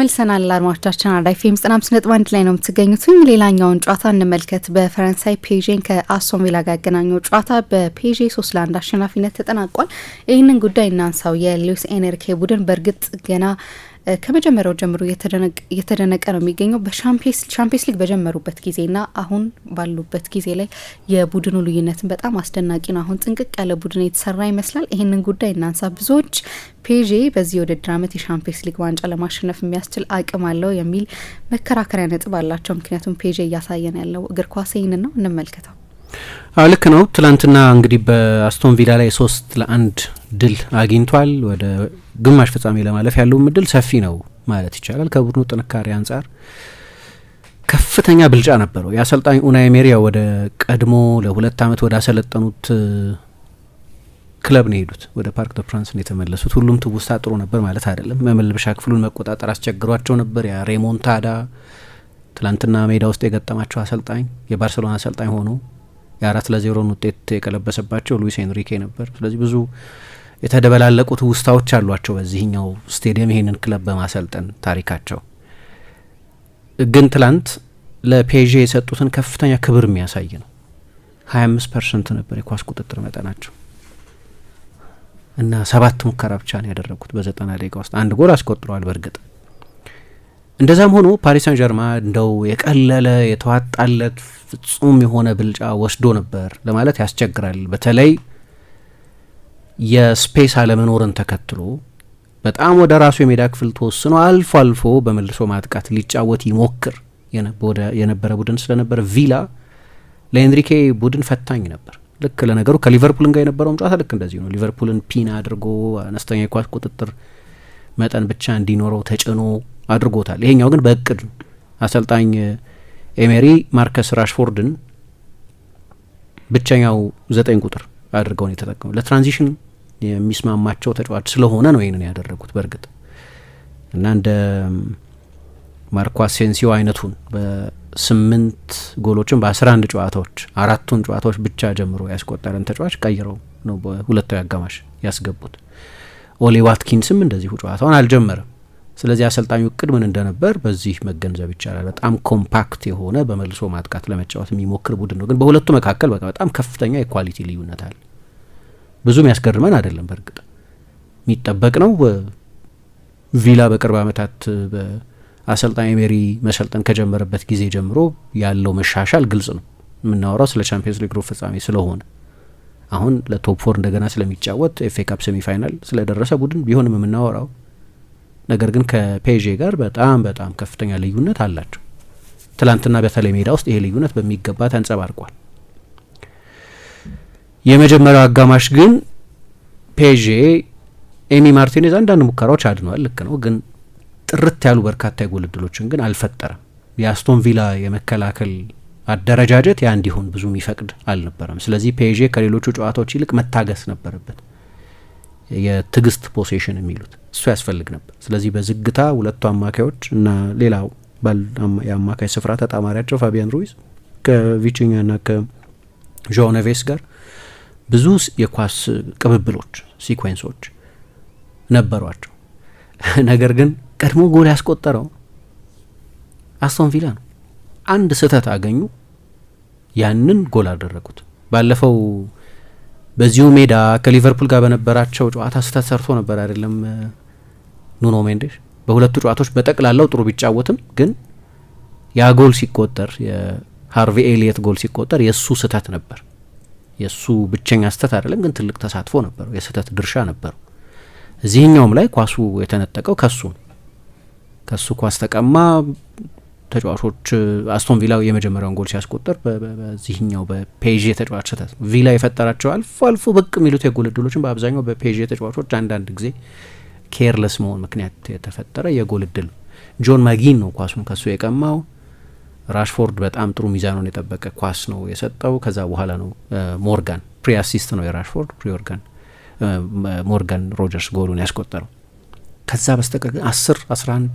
ተመልሰናል አድማጮቻችን፣ አራዳ ኤፍ ኤም ዘጠና አምስት ነጥብ አንድ ላይ ነው የምትገኙትኝ። ሌላኛውን ጨዋታ እንመልከት። በፈረንሳይ ፔዤን ከአስቶን ቪላ ጋር ያገናኘው ጨዋታ በፔዤ ሶስት ለአንድ አሸናፊነት ተጠናቋል። ይህንን ጉዳይ እናንሳው። የሉዊስ ኤንሪኬ ቡድን በእርግጥ ገና ከመጀመሪያው ጀምሮ እየተደነቀ ነው የሚገኘው። በሻምፒየንስ ሊግ በጀመሩበት ጊዜና አሁን ባሉበት ጊዜ ላይ የቡድኑ ልዩነትን በጣም አስደናቂ ነው። አሁን ጥንቅቅ ያለ ቡድን የተሰራ ይመስላል። ይህንን ጉዳይ እናንሳ። ብዙዎች ፔዤ በዚህ የውድድር ዓመት የሻምፒየንስ ሊግ ዋንጫ ለማሸነፍ የሚያስችል አቅም አለው የሚል መከራከሪያ ነጥብ አላቸው። ምክንያቱም ፔዤ እያሳየን ያለው እግር ኳስ ይህንን ነው። እንመልከተው። ልክ ነው። ትላንትና እንግዲህ በአስቶን ቪላ ላይ ሶስት ለአንድ ድል አግኝቷል። ወደ ግማሽ ፍጻሜ ለማለፍ ያለውም እድል ሰፊ ነው ማለት ይቻላል። ከቡድኑ ጥንካሬ አንጻር ከፍተኛ ብልጫ ነበረው። የአሰልጣኝ ኡናይ ሜሪያ ወደ ቀድሞ ለሁለት ዓመት ወደ አሰለጠኑት ክለብ ነው የሄዱት። ወደ ፓርክ ደ ፕራንስ ነው የተመለሱት። ሁሉም ትውስታ ጥሩ ነበር ማለት አይደለም። መመልበሻ ክፍሉን መቆጣጠር አስቸግሯቸው ነበር። ያ ሬሞንታዳ ትላንትና ሜዳ ውስጥ የገጠማቸው አሰልጣኝ የባርሰሎና አሰልጣኝ ሆኖ የአራት ለዜሮን ውጤት የቀለበሰባቸው ሉዊስ ኤንሪኬ ነበር። ስለዚህ ብዙ የተደበላለቁት ውስታዎች አሏቸው። በዚህኛው ስቴዲየም ይህንን ክለብ በማሰልጠን ታሪካቸው ግን ትላንት ለፔዤ የሰጡትን ከፍተኛ ክብር የሚያሳይ ነው። 25 ፐርሰንት ነበር የኳስ ቁጥጥር መጠናቸው እና ሰባት ሙከራ ብቻ ነው ያደረጉት በዘጠና ደቂቃ ውስጥ አንድ ጎል አስቆጥረዋል። በእርግጥ እንደዛም ሆኖ ፓሪስ ሳን ጀርማ እንደው የቀለለ የተዋጣለት ፍጹም የሆነ ብልጫ ወስዶ ነበር ለማለት ያስቸግራል። በተለይ የስፔስ አለመኖርን ተከትሎ በጣም ወደ ራሱ የሜዳ ክፍል ተወስኖ አልፎ አልፎ በመልሶ ማጥቃት ሊጫወት ይሞክር የነበረ ቡድን ስለነበረ ቪላ ለኤንሪኬ ቡድን ፈታኝ ነበር። ልክ ለነገሩ ከሊቨርፑልን ጋር የነበረውም ጨዋታ ልክ እንደዚሁ ነው። ሊቨርፑልን ፒን አድርጎ አነስተኛ የኳስ ቁጥጥር መጠን ብቻ እንዲኖረው ተጭኖ አድርጎታል። ይሄኛው ግን በእቅድ ነው። አሰልጣኝ ኤሜሪ ማርከስ ራሽፎርድን ብቸኛው ዘጠኝ ቁጥር አድርገውን የተጠቀሙ ለትራንዚሽን የሚስማማቸው ተጫዋች ስለሆነ ነው ይህንን ያደረጉት። በእርግጥ እና እንደ ማርኮ አሴንሲዮ አይነቱን በስምንት ጎሎችን በአስራ አንድ ጨዋታዎች አራቱን ጨዋታዎች ብቻ ጀምሮ ያስቆጠረን ተጫዋች ቀይረው ነው በሁለታዊ አጋማሽ ያስገቡት። ኦሌ ዋትኪንስም እንደዚሁ ጨዋታውን አልጀመረም። ስለዚህ አሰልጣኙ እቅድ ምን እንደነበር በዚህ መገንዘብ ይቻላል። በጣም ኮምፓክት የሆነ በመልሶ ማጥቃት ለመጫወት የሚሞክር ቡድን ነው። ግን በሁለቱ መካከል በቃ በጣም ከፍተኛ የኳሊቲ ልዩነት አለ። ብዙም ያስገርመን አይደለም። በእርግጥ የሚጠበቅ ነው። ቪላ በቅርብ ዓመታት በአሰልጣኝ ኤሜሪ መሰልጠን ከጀመረበት ጊዜ ጀምሮ ያለው መሻሻል ግልጽ ነው። የምናወራው ስለ ቻምፒየንስ ሊግ ሩብ ፍጻሜ ስለሆነ አሁን ለቶፕ ፎር እንደገና ስለሚጫወት ኤፍ ኤ ካፕ ሴሚፋይናል ስለደረሰ ቡድን ቢሆንም የምናወራው ነገር ግን ከፔዤ ጋር በጣም በጣም ከፍተኛ ልዩነት አላቸው። ትላንትና በተለይ ሜዳ ውስጥ ይሄ ልዩነት በሚገባ ተንጸባርቋል። የመጀመሪያው አጋማሽ ግን ፔዤ ኤሚ ማርቲኔዝ አንዳንድ ሙከራዎች አድነዋል። ልክ ነው፣ ግን ጥርት ያሉ በርካታ የጎል እድሎችን ግን አልፈጠረም። የአስቶን ቪላ የመከላከል አደረጃጀት ያ እንዲሆን ብዙ የሚፈቅድ አልነበረም። ስለዚህ ፔዤ ከሌሎቹ ጨዋታዎች ይልቅ መታገስ ነበረበት። የትዕግስት ፖሴሽን የሚሉት እሱ ያስፈልግ ነበር። ስለዚህ በዝግታ ሁለቱ አማካዮች እና ሌላው የአማካይ ስፍራ ተጣማሪያቸው ፋቢያን ሩይዝ ከቪቺኛ ና ከዣ ኔቬስ ጋር ብዙ የኳስ ቅብብሎች ሲኮንሶች ነበሯቸው። ነገር ግን ቀድሞ ጎል ያስቆጠረው አስቶን ቪላ ነው። አንድ ስህተት አገኙ፣ ያንን ጎል አደረጉት። ባለፈው በዚሁ ሜዳ ከሊቨርፑል ጋር በነበራቸው ጨዋታ ስህተት ሰርቶ ነበር አይደለም ኑኖ ሜንዴሽ። በሁለቱ ጨዋታዎች በጠቅላላው ጥሩ ቢጫወትም ግን ያ ጎል ሲቆጠር የሃርቪ ኤሊየት ጎል ሲቆጠር የእሱ ስህተት ነበር። የእሱ ብቸኛ ስህተት አይደለም፣ ግን ትልቅ ተሳትፎ ነበረው፣ የስህተት ድርሻ ነበረው። እዚህኛውም ላይ ኳሱ የተነጠቀው ከሱ ነው። ከሱ ኳስ ተቀማ። ተጫዋቾች አስቶን ቪላ የመጀመሪያውን ጎል ሲያስቆጠር በዚህኛው በፔዤ የተጫዋች ስህተት ቪላ የፈጠራቸው አልፎ አልፎ ብቅ የሚሉት የጎል እድሎችን በአብዛኛው በፔዤ ተጫዋቾች አንዳንድ ጊዜ ኬርለስ መሆን ምክንያት የተፈጠረ የጎል እድል ጆን ማጊን ነው ኳሱን ከሱ የቀማው። ራሽፎርድ በጣም ጥሩ ሚዛኑን የጠበቀ ኳስ ነው የሰጠው። ከዛ በኋላ ነው ሞርጋን ፕሪ አሲስት ነው የራሽፎርድ ፕሪ ኦርጋን ሞርጋን ሮጀርስ ጎሉን ያስቆጠረው። ከዛ በስተቀር ግን አስር አስራ አንድ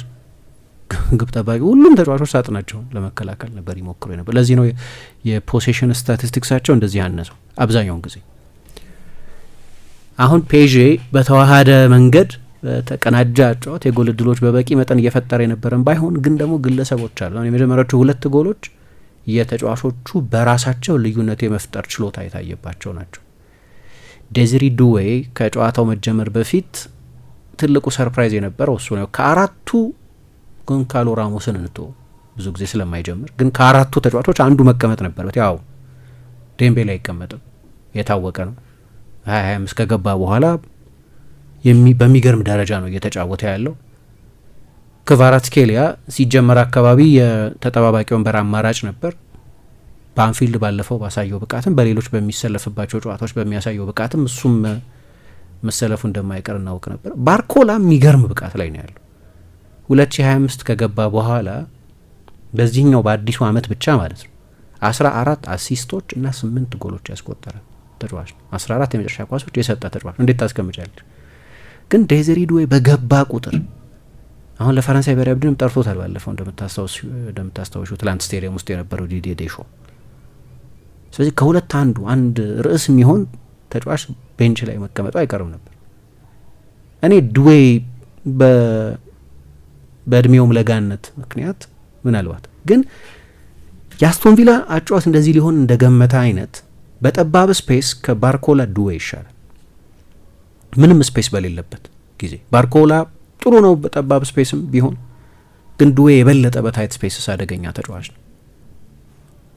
ግብ ጠባቂ ሁሉም ተጫዋቾች ሳጥናቸውን ለመከላከል ነበር ይሞክሩ ነበር። ለዚህ ነው የፖሴሽን ስታቲስቲክሳቸው እንደዚህ ያነሰው አብዛኛውን ጊዜ። አሁን ፔዤ በተዋሃደ መንገድ በተቀናጃ ጨዋታ የጎል እድሎች በበቂ መጠን እየፈጠረ የነበረን ባይሆን ግን ደግሞ ግለሰቦች አሉ። የመጀመሪያዎቹ ሁለት ጎሎች የተጫዋቾቹ በራሳቸው ልዩነት የመፍጠር ችሎታ የታየባቸው ናቸው። ዴዚሪ ዱዌ ከጨዋታው መጀመር በፊት ትልቁ ሰርፕራይዝ የነበረው እሱ ነው። ከአራቱ ጎንካሎ ራሞስን እንቶ ብዙ ጊዜ ስለማይጀምር ግን ከአራቱ ተጫዋቾች አንዱ መቀመጥ ነበርበት። ያው ዴምቤላ አይቀመጥም፣ የታወቀ ነው። ሀያ ሀያ አምስት ከገባ በኋላ በሚገርም ደረጃ ነው እየተጫወተ ያለው። ክቫራትስኬሊያ ሲጀመር አካባቢ የተጠባባቂ ወንበር አማራጭ ነበር። በአንፊልድ ባለፈው ባሳየው ብቃትም በሌሎች በሚሰለፍባቸው ጨዋታዎች በሚያሳየው ብቃትም እሱም መሰለፉ እንደማይቀር እናውቅ ነበር። ባርኮላ የሚገርም ብቃት ላይ ነው ያለው። 2025 ከገባ በኋላ በዚህኛው በአዲሱ ዓመት ብቻ ማለት ነው 14 አሲስቶች እና 8 ጎሎች ያስቆጠረ ተጫዋች ነው። 14 የመጨረሻ ኳሶች የሰጠ ተጫዋች ነው። እንዴት ታስቀምጫለች? ግን ዴዚሬ ዱዌ በገባ ቁጥር አሁን ለፈረንሳይ ብሔራዊ ቡድንም ጠርቶታል። ባለፈው እንደምታስታውሹ ትላንት ስቴዲየም ውስጥ የነበረው ዲዲዬ ዴሾ። ስለዚህ ከሁለት አንዱ አንድ ርዕስ የሚሆን ተጫዋች ቤንች ላይ መቀመጡ አይቀርም ነበር። እኔ ድዌ በእድሜውም ለጋነት ምክንያት ምናልባት ግን የአስቶንቪላ አጫዋት እንደዚህ ሊሆን እንደገመተ አይነት በጠባብ ስፔስ ከባርኮላ ድዌ ይሻላል። ምንም ስፔስ በሌለበት ጊዜ ባርኮላ ጥሩ ነው በጠባብ ስፔስም ቢሆን ግን ድዌ የበለጠ በታይት ስፔስስ አደገኛ ተጫዋች ነው።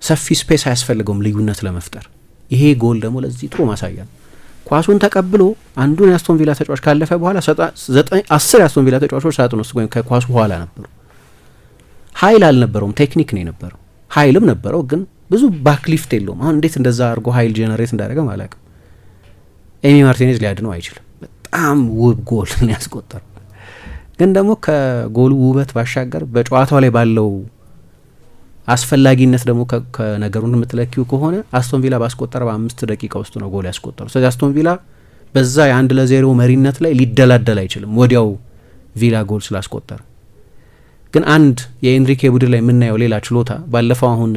ሰፊ ስፔስ አያስፈልገውም ልዩነት ለመፍጠር። ይሄ ጎል ደግሞ ለዚህ ጥሩ ማሳያ ነው። ኳሱን ተቀብሎ አንዱን የአስቶን ቪላ ተጫዋች ካለፈ በኋላ አስር የአስቶን ቪላ ተጫዋቾች ሳጥን ውስጥ ወይም ከኳሱ በኋላ ነበሩ። ሀይል አልነበረውም፣ ቴክኒክ ነው የነበረው። ሀይልም ነበረው ግን ብዙ ባክሊፍት የለውም። አሁን እንዴት እንደዛ አድርጎ ሀይል ጄኔሬት እንዳደረገ አላውቅም። ኤሚ ማርቲኔዝ ሊያድነው አይችልም። በጣም ውብ ጎል ነው ያስቆጠረው። ግን ደግሞ ከጎሉ ውበት ባሻገር በጨዋታው ላይ ባለው አስፈላጊነት ደግሞ ከነገሩን የምትለኪው ከሆነ አስቶን ቪላ ባስቆጠረ በአምስት ደቂቃ ውስጥ ነው ጎል ያስቆጠሩ። ስለዚህ አስቶን ቪላ በዛ የአንድ ለዜሮ መሪነት ላይ ሊደላደል አይችልም፣ ወዲያው ቪላ ጎል ስላስቆጠረ። ግን አንድ የኤንሪኬ ቡድን ላይ የምናየው ሌላ ችሎታ ባለፈው አሁን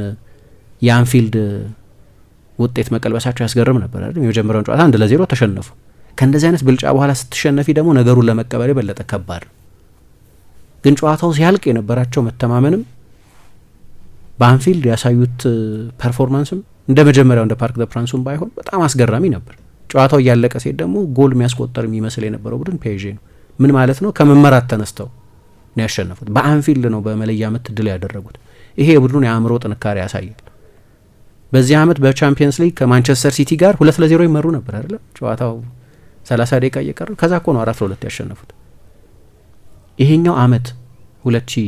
የአንፊልድ ውጤት መቀልበሳቸው ያስገርም ነበር። የመጀመሪያውን ጨዋታ አንድ ለዜሮ ተሸነፉ። ከእንደዚህ አይነት ብልጫ በኋላ ስትሸነፊ ደግሞ ነገሩን ለመቀበል የበለጠ ከባድ ነው። ግን ጨዋታው ሲያልቅ የነበራቸው መተማመንም በአንፊልድ ያሳዩት ፐርፎርማንስም እንደ መጀመሪያው እንደ ፓርክ ደ ባይሆን በጣም አስገራሚ ነበር። ጨዋታው እያለቀ ሴት ደግሞ ጎል የሚያስቆጠር የሚመስል የነበረው ቡድን ፔዤ ነው። ምን ማለት ነው? ከመመራት ተነስተው ነው ያሸነፉት። በአንፊልድ ነው በመለያ ምት ድል ያደረጉት። ይሄ የቡድኑን የአእምሮ ጥንካሬ ያሳያል። በዚህ አመት በቻምፒየንስ ሊግ ከማንቸስተር ሲቲ ጋር ሁለት ለዜሮ ይመሩ ነበር አይደለም ጨዋታው ሰላሳ ደቂቃ እየቀረ ከዛ እኮ ነው አራት ለሁለት ያሸነፉት። ይሄኛው አመት ሁለት ሺ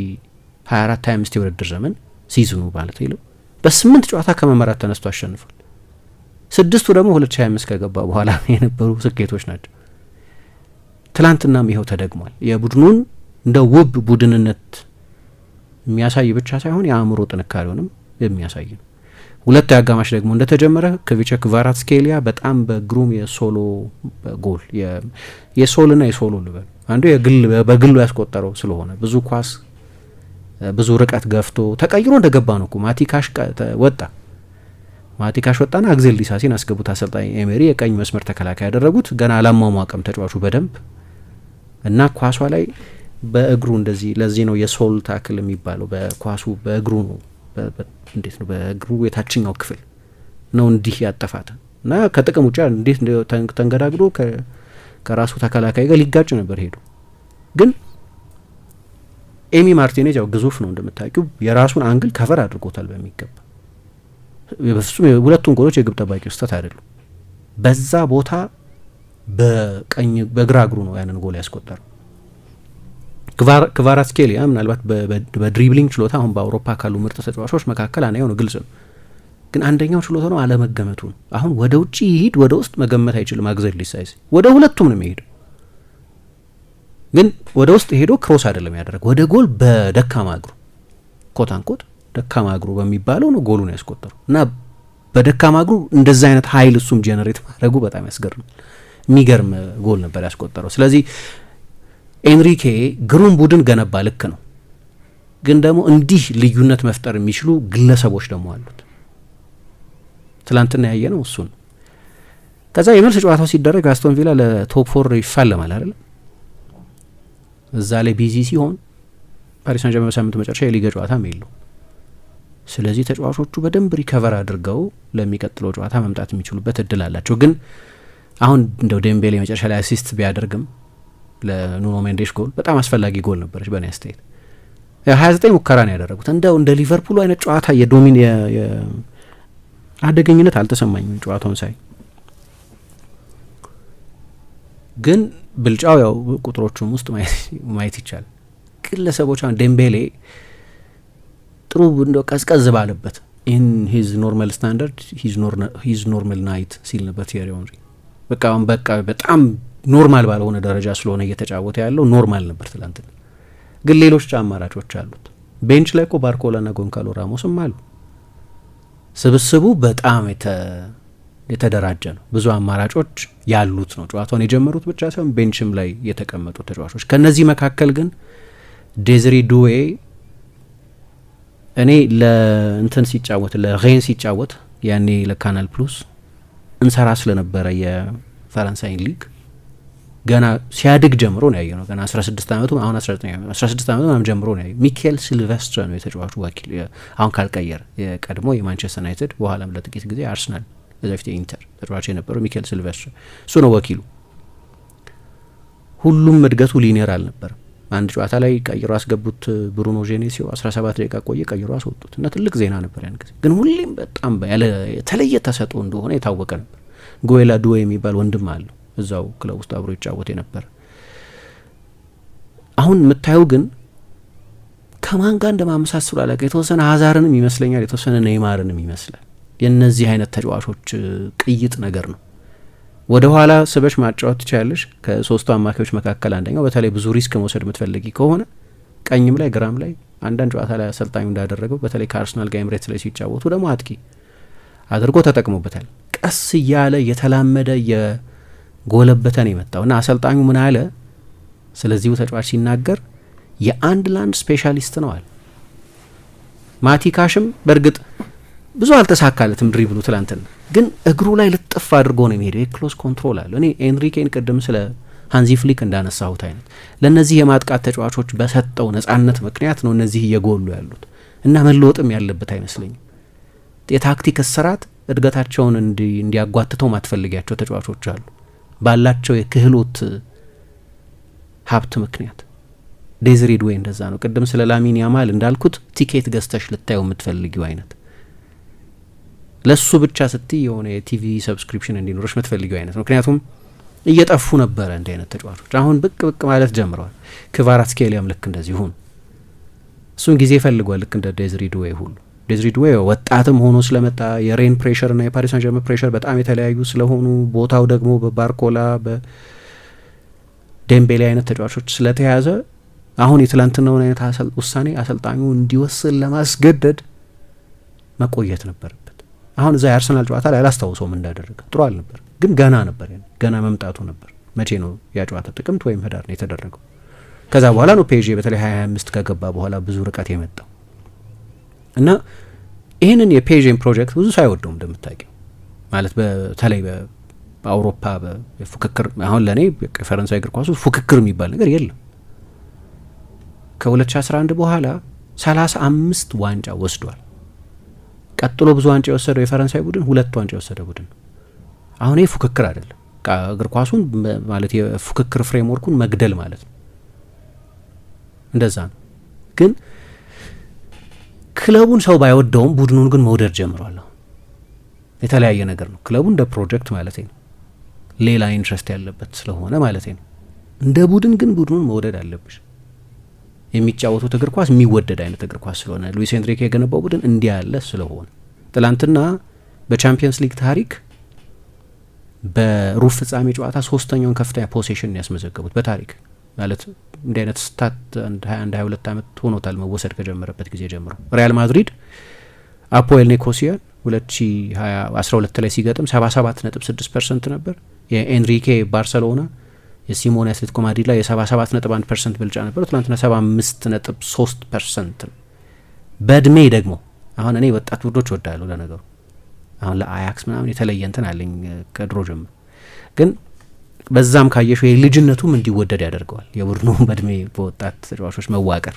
ሀያ አራት ሀያ አምስት የውድድር ዘመን ሲዝኑ ማለት ይለው በስምንት ጨዋታ ከመመራት ተነስቶ አሸንፏል። ስድስቱ ደግሞ ሁለት ሺ ሀያ አምስት ከገባ በኋላ የነበሩ ስኬቶች ናቸው። ትላንትናም ይኸው ተደግሟል። የቡድኑን እንደ ውብ ቡድንነት የሚያሳይ ብቻ ሳይሆን የአእምሮ ጥንካሬውንም የሚያሳይ ነው። ሁለተኛው አጋማሽ ደግሞ እንደተጀመረ ከቪቸ ክቫራትስኬሊያ በጣም በግሩም የሶሎ ጎል የሶልና የሶሎ ልበል አንዱ በግሉ ያስቆጠረው ስለሆነ ብዙ ኳስ ብዙ ርቀት ገፍቶ ተቀይሮ እንደገባ ነው እኮ ማቲካሽ ወጣ። ማቲካሽ ወጣና አግዜል ዲሳሲን አስገቡት። አሰልጣኝ ኤሜሪ የቀኝ መስመር ተከላካይ ያደረጉት ገና አላሟሟቀም ተጫዋቹ በደንብ እና ኳሷ ላይ በእግሩ እንደዚህ። ለዚህ ነው የሶል ታክል የሚባለው። በኳሱ በእግሩ ነው እንዴት ነው በእግሩ የታችኛው ክፍል ነው እንዲህ ያጠፋት እና ከጥቅም ውጭ እንዴት ተንገዳግዶ ከራሱ ተከላካይ ጋር ሊጋጭ ነበር ሄዱ። ግን ኤሚ ማርቲኔዝ ያው ግዙፍ ነው እንደምታውቂው፣ የራሱን አንግል ከቨር አድርጎታል በሚገባ በፍጹም ሁለቱን ጎሎች የግብ ጠባቂ ውስጠት አይደሉም። በዛ ቦታ በቀኝ በግራ እግሩ ነው ያንን ጎል ያስቆጠረው። ክቫራስኬሊያ ምናልባት በድሪብሊንግ ችሎታ አሁን በአውሮፓ ካሉ ምርጥ ተጫዋቾች መካከል አናየው ነው፣ ግልጽ ነው። ግን አንደኛው ችሎታ ነው አለመገመቱ። አሁን ወደ ውጭ ይሂድ ወደ ውስጥ መገመት አይችልም። አግዘድ ሊሳይስ ወደ ሁለቱም ነው የሚሄደው፣ ግን ወደ ውስጥ ሄዶ ክሮስ አይደለም ያደረገ ወደ ጎል በደካማ እግሩ ኮታንኮት ደካማ እግሩ በሚባለው ነው ጎሉን ያስቆጠሩ እና በደካማ እግሩ እንደዛ አይነት ሀይል እሱም ጀነሬት ማድረጉ በጣም ያስገርማል። የሚገርም ጎል ነበር ያስቆጠረው። ስለዚህ ኤንሪኬ ግሩም ቡድን ገነባ፣ ልክ ነው። ግን ደግሞ እንዲህ ልዩነት መፍጠር የሚችሉ ግለሰቦች ደግሞ አሉት። ትላንትና ያየ ነው ነው። ከዛ የመልስ ጨዋታው ሲደረግ አስቶን ቪላ ለቶፕ ፎር ይፋለማል አይደለም። እዛ ላይ ቢዚ ሲሆን ፓሪስ ሳንጀርመን በሳምንቱ መጨረሻ የሊገ ጨዋታም የለው። ስለዚህ ተጫዋቾቹ በደንብ ሪከቨር አድርገው ለሚቀጥለው ጨዋታ መምጣት የሚችሉበት እድል አላቸው። ግን አሁን እንደው ደምቤሌ መጨረሻ ላይ አሲስት ቢያደርግም ለኑኖ ሜንዴሽ ጎል በጣም አስፈላጊ ጎል ነበረች በእኔ አስተያየት። ሀያ ዘጠኝ ሙከራ ነው ያደረጉት። እንደው እንደ ሊቨርፑሉ አይነት ጨዋታ የዶሚን አደገኝነት አልተሰማኝም ጨዋታውን ሳይ። ግን ብልጫው ያው ቁጥሮቹም ውስጥ ማየት ይቻላል። ግለሰቦች አሁን ዴምቤሌ ጥሩ እንደ ቀዝቀዝ ባለበት ኢን ሂዝ ኖርማል ስታንዳርድ ሂዝ ኖርማል ናይት ሲል ነበር ቲየሪ ሄንሪ። በቃ በቃ በጣም ኖርማል ባልሆነ ደረጃ ስለሆነ እየተጫወተ ያለው ኖርማል ነበር ትላንትና። ግን ሌሎች አማራጮች አሉት። ቤንች ላይ ኮባርኮላ ባርኮላና ጎንካሎ ራሞስም አሉ። ስብስቡ በጣም የተደራጀ ነው። ብዙ አማራጮች ያሉት ነው። ጨዋታውን የጀመሩት ብቻ ሳይሆን ቤንችም ላይ የተቀመጡ ተጫዋቾች። ከእነዚህ መካከል ግን ዴዝሪ ዱዌ እኔ ለእንትን ሲጫወት ለሬን ሲጫወት ያኔ ለካናል ፕሉስ እንሰራ ስለነበረ የፈረንሳይን ሊግ ገና ሲያድግ ጀምሮ ነው ያየ ነው። ገና 16 ዓመቱ አሁን 16 ዓመቱ ምናምን ጀምሮ ነው ያየ። ሚካኤል ሲልቨስትር ነው የተጫዋቹ ወኪል አሁን ካልቀየር የቀድሞ የማንቸስተር ዩናይትድ በኋላም ለጥቂት ጊዜ አርሰናል ከዚ በፊት የኢንተር ተጫዋች የነበረው ሚካኤል ሲልቨስትር እሱ ነው ወኪሉ። ሁሉም እድገቱ ሊኒየር አልነበረም። አንድ ጨዋታ ላይ ቀይሮ አስገቡት ብሩኖ ጄኔሲዮ 17 ደቂቃ ቆየ፣ ቀይሮ አስወጡት እና ትልቅ ዜና ነበር ያን ጊዜ። ግን ሁሌም በጣም ያለ የተለየ ተሰጥኦ እንደሆነ የታወቀ ነበር። ጎላ ዱዌ የሚባል ወንድም አለው እዛው ክለብ ውስጥ አብሮ ይጫወት የነበር። አሁን የምታየው ግን ከማን ጋር እንደማመሳሰሉ አላውቅም። የተወሰነ ሀዛርንም ይመስለኛል፣ የተወሰነ ኔይማርንም ይመስላል። የእነዚህ አይነት ተጫዋቾች ቅይጥ ነገር ነው። ወደ ኋላ ስበሽ ማጫወት ትችላለሽ። ከሶስቱ አማካዮች መካከል አንደኛው በተለይ ብዙ ሪስክ መውሰድ የምትፈልጊ ከሆነ ቀኝም ላይ ግራም ላይ አንዳንድ ጨዋታ ላይ አሰልጣኙ እንዳደረገው በተለይ ከአርስናል ጋር ኤምሬትስ ላይ ሲጫወቱ ደግሞ አጥቂ አድርጎ ተጠቅሞበታል። ቀስ እያለ የተላመደ ጎለበተ ነው የመጣው እና አሰልጣኙ ምን አለ ስለዚሁ ተጫዋች ሲናገር የአንድ ላንድ ስፔሻሊስት ነው አለ። ማቲካሽም በእርግጥ ብዙ አልተሳካለትም ድሪብሉ ትላንትና፣ ግን እግሩ ላይ ልጥፍ አድርጎ ነው የሚሄደው። የክሎስ ኮንትሮል አለ። እኔ ኤንሪኬን ቅድም ስለ ሀንዚ ፍሊክ እንዳነሳሁት አይነት ለእነዚህ የማጥቃት ተጫዋቾች በሰጠው ነጻነት ምክንያት ነው እነዚህ እየጎሉ ያሉት እና መለወጥም ያለበት አይመስለኝም። የታክቲክ ስርዓት እድገታቸውን እንዲያጓትተው ማትፈልጊያቸው ተጫዋቾች አሉ። ባላቸው የክህሎት ሀብት ምክንያት ዴዝሪድ ወይ እንደዛ ነው። ቅድም ስለ ላሚን ያማል እንዳልኩት ቲኬት ገዝተሽ ልታየው የምትፈልጊው አይነት ለሱ ብቻ ስትይ የሆነ የቲቪ ሰብስክሪፕሽን እንዲኖረች የምትፈልጊው አይነት ነው። ምክንያቱም እየጠፉ ነበረ እንዲህ አይነት ተጫዋቾች። አሁን ብቅ ብቅ ማለት ጀምረዋል። ክቫራትስኬሊያም ልክ እንደዚህ ሁኑ። እሱም ጊዜ ይፈልጓል ልክ እንደ ዴዝሪድ ወይ ሁሉ ዴዝሪድ ዌ ወጣትም ሆኖ ስለመጣ የሬን ፕሬሽር እና የፓሪስ ሳንጀርመን ፕሬሽር በጣም የተለያዩ ስለሆኑ ቦታው ደግሞ በባርኮላ በዴምቤሌ አይነት ተጫዋቾች ስለተያዘ አሁን የትላንትናውን አይነት ውሳኔ አሰልጣኙ እንዲወስን ለማስገደድ መቆየት ነበረበት። አሁን እዛ የአርሰናል ጨዋታ ላይ አላስታውሰውም እንዳደረገ ጥሩ አልነበር፣ ግን ገና ነበር ገና መምጣቱ ነበር። መቼ ነው ያ ጨዋታ? ጥቅምት ወይም ህዳር ነው የተደረገው። ከዛ በኋላ ነው ፔዤ በተለይ 25 ከገባ በኋላ ብዙ ርቀት የመጣው እና ይህንን የፔዥን ፕሮጀክት ብዙ ሰው አይወደውም እንደምታውቂው ማለት በተለይ በአውሮፓ ፉክክር አሁን ለእኔ የፈረንሳይ እግር ኳሱ ፉክክር የሚባል ነገር የለም። ከ2011 በኋላ 35 ዋንጫ ወስዷል። ቀጥሎ ብዙ ዋንጫ የወሰደው የፈረንሳይ ቡድን ሁለት ዋንጫ የወሰደ ቡድን አሁን ይህ ፉክክር አይደለም። እግር ኳሱን ማለት የፉክክር ፍሬምወርኩን መግደል ማለት ነው። እንደዛ ነው ግን ክለቡን ሰው ባይወደውም ቡድኑን ግን መውደድ ጀምሯል። የተለያየ ነገር ነው። ክለቡ እንደ ፕሮጀክት ማለት ነው፣ ሌላ ኢንትረስት ያለበት ስለሆነ ማለት ነው። እንደ ቡድን ግን ቡድኑን መውደድ አለብሽ። የሚጫወቱት እግር ኳስ የሚወደድ አይነት እግር ኳስ ስለሆነ ሉዊስ ኤንሪኬ የገነባው ቡድን እንዲህ ያለ ስለሆነ ትላንትና በቻምፒየንስ ሊግ ታሪክ በሩብ ፍጻሜ ጨዋታ ሶስተኛውን ከፍተኛ ፖሴሽን ያስመዘገቡት በታሪክ ማለት እንዲህ አይነት ስታት አንድ ሀያ አንድ ሀያ ሁለት ዓመት ሆኖታል መወሰድ ከጀመረበት ጊዜ ጀምሮ። ሪያል ማድሪድ አፖኤል ኒኮሲያን ሁለት ሺ ሀያ አስራ ሁለት ላይ ሲገጥም ሰባ ሰባት ነጥብ ስድስት ፐርሰንት ነበር። የኤንሪኬ ባርሰሎና የሲሞኔ አትሌቲኮ ማድሪድ ላይ የሰባ ሰባት ነጥብ አንድ ፐርሰንት ብልጫ ነበረው። ትናንትና ሰባ አምስት ነጥብ ሶስት ፐርሰንት ነው። በእድሜ ደግሞ አሁን እኔ ወጣት ውርዶች ወዳለሁ። ለነገሩ አሁን ለአያክስ ምናምን የተለየ እንትን አለኝ ከድሮ ጀምሮ ግን በዛም ካየሽው ልጅነቱም እንዲወደድ ያደርገዋል። የቡድኑ በእድሜ በወጣት ተጫዋቾች መዋቅር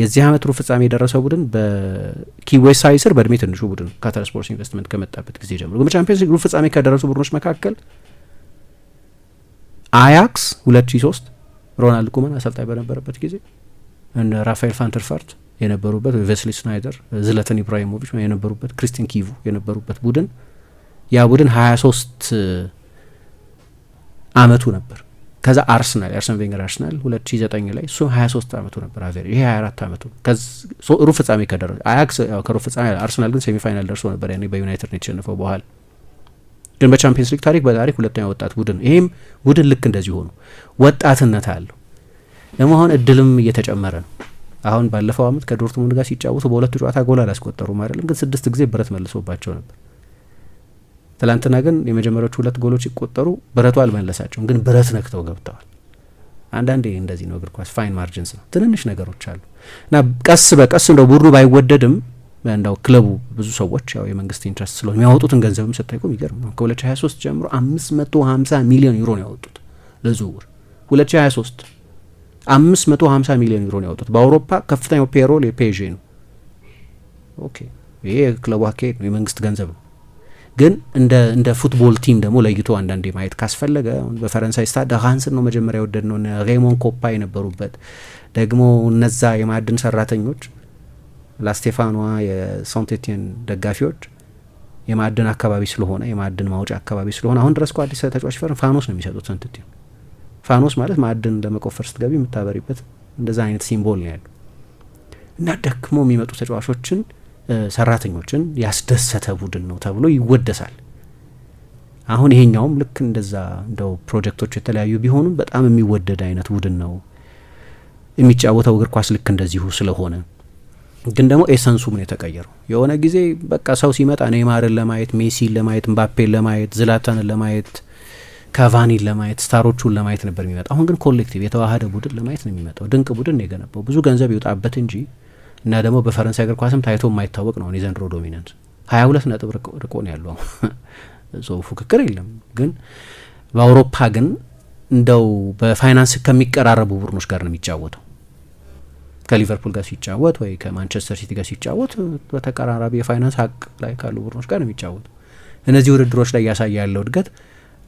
የዚህ አመት ሩብ ፍጻሜ የደረሰው ቡድን በኪዌሳይ ስር በእድሜ ትንሹ ቡድን ካታር ስፖርት ኢንቨስትመንት ከመጣበት ጊዜ ጀምሮ በቻምፒየንስ ሊግ ሩብ ፍጻሜ ከደረሱ ቡድኖች መካከል አያክስ 2003 ሮናልድ ኩመን አሰልጣኝ በነበረበት ጊዜ እነ ራፋኤል ፋንተርፋርት የነበሩበት ቬስሊ ስናይደር፣ ዝለተን ኢብራሂሞቪች የነበሩበት፣ ክሪስቲን ኪቭ የነበሩበት ቡድን ያ ቡድን 23 አመቱ ነበር። ከዛ አርስናል የአርሰን ቬንገር አርስናል 2009 ላይ እሱ 23 አመቱ ነበር። አቬሪ ይሄ 24 አመቱ ሩብ ፍጻሜ ከደረሰ አያክስ ያው ከሩብ ፍጻሜ አርስናል ግን ሴሚፋይናል ደርሶ ነበር ያኔ በዩናይትድ ነው የተሸነፈው። በኋላ ግን በቻምፒየንስ ሊግ ታሪክ በታሪክ ሁለተኛ ወጣት ቡድን ይሄም ቡድን ልክ እንደዚህ ሆኑ ወጣትነት አለው ለመሆን እድልም እየተጨመረ ነው። አሁን ባለፈው አመት ከዶርትሙንድ ጋር ሲጫወቱ በሁለቱ ጨዋታ ጎል አላስቆጠሩም አይደለም፣ ግን ስድስት ጊዜ ብረት መልሶባቸው ነበር። ትላንትና ግን የመጀመሪያዎቹ ሁለት ጎሎች ሲቆጠሩ ብረቱ አልመለሳቸውም፣ ግን ብረት ነክተው ገብተዋል። አንዳንዴ እንደዚህ ነው እግር ኳስ፣ ፋይን ማርጅንስ ነው። ትንንሽ ነገሮች አሉ እና ቀስ በቀስ እንደው ቡድኑ ባይወደድም እንደው ክለቡ ብዙ ሰዎች ያው የመንግስት ኢንትረስት ስለሆነ የሚያወጡትን ገንዘብም ስታይ እኮ የሚገርም ነው። ከ2023 ጀምሮ 550 ሚሊዮን ዩሮ ነው ያወጡት ለዝውውር 2023 550 ሚሊዮን ዩሮ ነው ያወጡት። በአውሮፓ ከፍተኛው ፔሮል የፔዤ ነው። ኦኬ ይሄ የክለቡ አካሄድ ነው፣ የመንግስት ገንዘብ ነው። ግን እንደ ፉትቦል ቲም ደግሞ ለይቶ አንዳንዴ ማየት ካስፈለገ በፈረንሳይ ስታድ ሃንስን ነው መጀመሪያ የወደድ ነው ሬሞን ኮፓ የነበሩበት ደግሞ እነዛ የማዕድን ሰራተኞች ላስቴፋኗ የሳንቴቲን ደጋፊዎች የማዕድን አካባቢ ስለሆነ የማዕድን ማውጫ አካባቢ ስለሆነ አሁን ድረስ እኮ አዲስ ተጫዋች ፈርን ፋኖስ ነው የሚሰጡት ሳንቴቲን ፋኖስ ማለት ማዕድን ለመቆፈር ስትገቢ የምታበሪበት እንደዛ አይነት ሲምቦል ነው ያሉ እና ደክሞ የሚመጡ ተጫዋቾችን ሰራተኞችን ያስደሰተ ቡድን ነው ተብሎ ይወደሳል። አሁን ይሄኛውም ልክ እንደዛ እንደው ፕሮጀክቶች የተለያዩ ቢሆኑም በጣም የሚወደድ አይነት ቡድን ነው የሚጫወተው እግር ኳስ ልክ እንደዚሁ ስለሆነ ግን ደግሞ ኤሰንሱ ምን የተቀየረው የሆነ ጊዜ በቃ ሰው ሲመጣ ኔይማርን ለማየት ሜሲን ለማየት ምባፔን ለማየት ዝላታንን ለማየት ካቫኒን ለማየት ስታሮቹን ለማየት ነበር የሚመጣ። አሁን ግን ኮሌክቲቭ የተዋሃደ ቡድን ለማየት ነው የሚመጣው። ድንቅ ቡድን ነው የገነባው ብዙ ገንዘብ ይወጣበት እንጂ እና ደግሞ በፈረንሳይ እግር ኳስም ታይቶ የማይታወቅ ነው የዘንድሮ ዶሚናንስ ሀያ ሁለት ነጥብ ርቆ ነው ያለው። ፉክክር የለም። ግን በአውሮፓ ግን እንደው በፋይናንስ ከሚቀራረቡ ቡድኖች ጋር ነው የሚጫወተው። ከሊቨርፑል ጋር ሲጫወት ወይ ከማንቸስተር ሲቲ ጋር ሲጫወት በተቀራራቢ የፋይናንስ ሀቅ ላይ ካሉ ቡድኖች ጋር ነው የሚጫወተው። እነዚህ ውድድሮች ላይ እያሳየ ያለው እድገት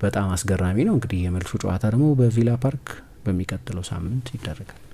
በጣም አስገራሚ ነው። እንግዲህ የመልሱ ጨዋታ ደግሞ በቪላ ፓርክ በሚቀጥለው ሳምንት ይደረጋል።